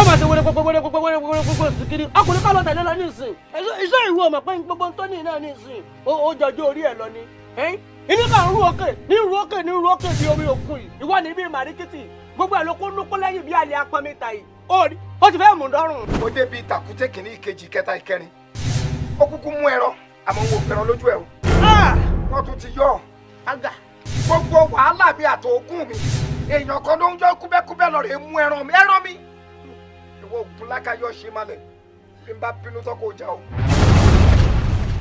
ó máa ṣe wẹrẹ pọpọ wẹrẹ pọpọ wẹrẹ pọpọ pọpọ sikiri ọkùnrin kọ́ ló tẹ̀lé lọ nísìn iṣẹ́ ìwé ọmọ pé gbogbo ń tọ́ni náà nísìn ó jọjú orí ẹ̀ lọ ni ìní kan ń ru òkè ní ru òkè ní ru òkè bí omi òkun yìí ìwọ ni bí màríkìtì gbogbo ẹ̀ ló kó nú kó lẹ́yìn bí alẹ́ apamẹ́ta yìí ó rí ó ti fẹ́ mú dọ́rùn. ó débi tàkúté kìíní ìkejì ìkẹta ìkẹrin ó kúkú mú ẹran àmọ́ wọn ò fẹ́ràn lójú ẹ̀ o. wọ́n tún ti yọ ọ́. gbogbo wàhálà mi àtòkùn mi èèyàn kan ló ń yọ kúbẹ́kúbẹ́ lọ rè é mú ẹran mi ẹran mi ìwọ ògùn lákàyọ̀ ṣe malẹ̀ bí n bá bínú tán kò já o.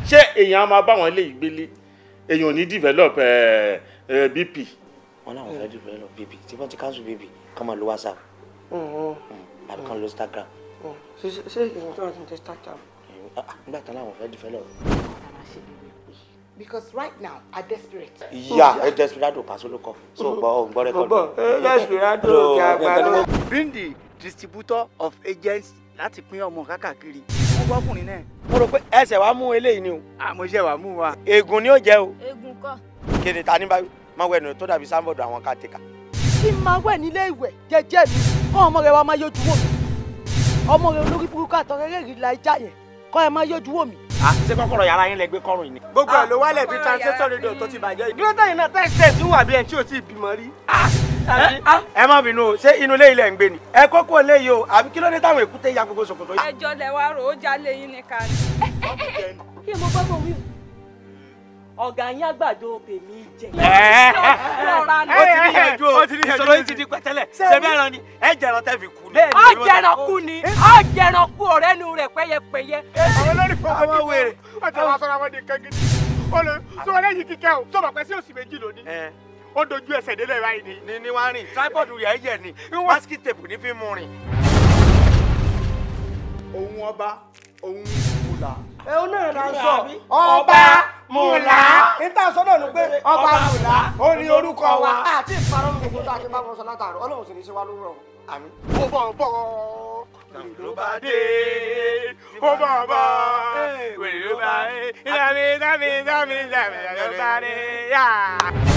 ṣé èèyàn á máa bá wọn lé ìgbélé èèyàn ò ní develop bp. wọn làwọn fẹẹ develop bp tí wọn ti cancel bp kàn máa lo whatsapp mm-hmm. hmm, àbí kàn lo instagram. Mm-hmm. ṣé èèyàn tó wà ní instagram. Ah, ah, nígbà tán làwọn fẹẹ develop. Because right now I desperate. Yeah, oh, desperado pasoloko. So, but oh, but record. Desperado, Bindi distributor of agents láti pín ọmọ kákàkiri. mo gbọ́ ọkùnrin náà. mo rò pé ẹsẹ̀ wa mú eléyìí ni o. àmọ́ iṣẹ́ wa mú wa. ègùn ni ó jẹ́ o. ègùn kọ́. kéde ta ní báyìí máa wẹ̀ nù tó dàbí sáńbọ̀dù àwọn kàtẹ́kà. kí n máa wẹ̀ nílé ìwẹ̀ jẹ́jẹ́ mi kọ́ ọmọ rẹ wa máa yọjú wò mí ọmọ rẹ olórí burúkú àtọ̀rẹ́rẹ́ rí la ìjà yẹn kọ́ ẹ máa yọjú wò mí. a ṣe kọ́kọ́rọ́ yàrá yín lẹgbẹ kọrùn ni. gbogbo ẹ ló wálẹ̀ bíi ah, transistor radio tó ti bàjẹ́ yìí. dúró tẹ̀yìn náà tẹ́sítẹ́sì wà bí ẹni tí ò tí bímọ rí. ẹ má bínú o ṣé inú ilé ilẹ̀ ń gbé ni ẹ kókó yìí o àbí kí ló dé táwọn èkúté ya gbogbo ṣòkòtò yìí. ẹjọ lẹ wá rò ó jalè yín ní mo wí o ọ̀gá yín àgbàdo tèmi jẹ. ó ti ìṣòro yìí ti di pẹ̀tẹ́lẹ̀ sẹ́mi ẹran ni ẹ jẹran tẹ́ fi kú ni. ó jẹran kú ni kú ọ̀rẹ́ nu rẹ̀ pẹ́yẹpẹ́yẹ. àwọn olórí fọwọ́ ó dojú ẹsẹ̀ délẹ̀ báyìí ni. ni ni wá rìn tripod rẹ̀ ẹ̀yẹ̀ ni basket tape ní fi mú rìn. òun ọba òun mùlá. ẹ o náà náà sọ ọba mùlá. níta sọ náà pé ọba mùlá ó ní orúkọ wa. àti ìparọ́ ní gbogbo tá a ti bá wọn sọ látàrọ ọlọ́run sì ní í ṣe wá lórúkọ àmì. ó bọ̀ bọ̀ wèrè ló bá dé ó bọ̀ bọ̀ wèrè ló bá dé dàmí dàmí dàmí dàmí ló bá dé yá.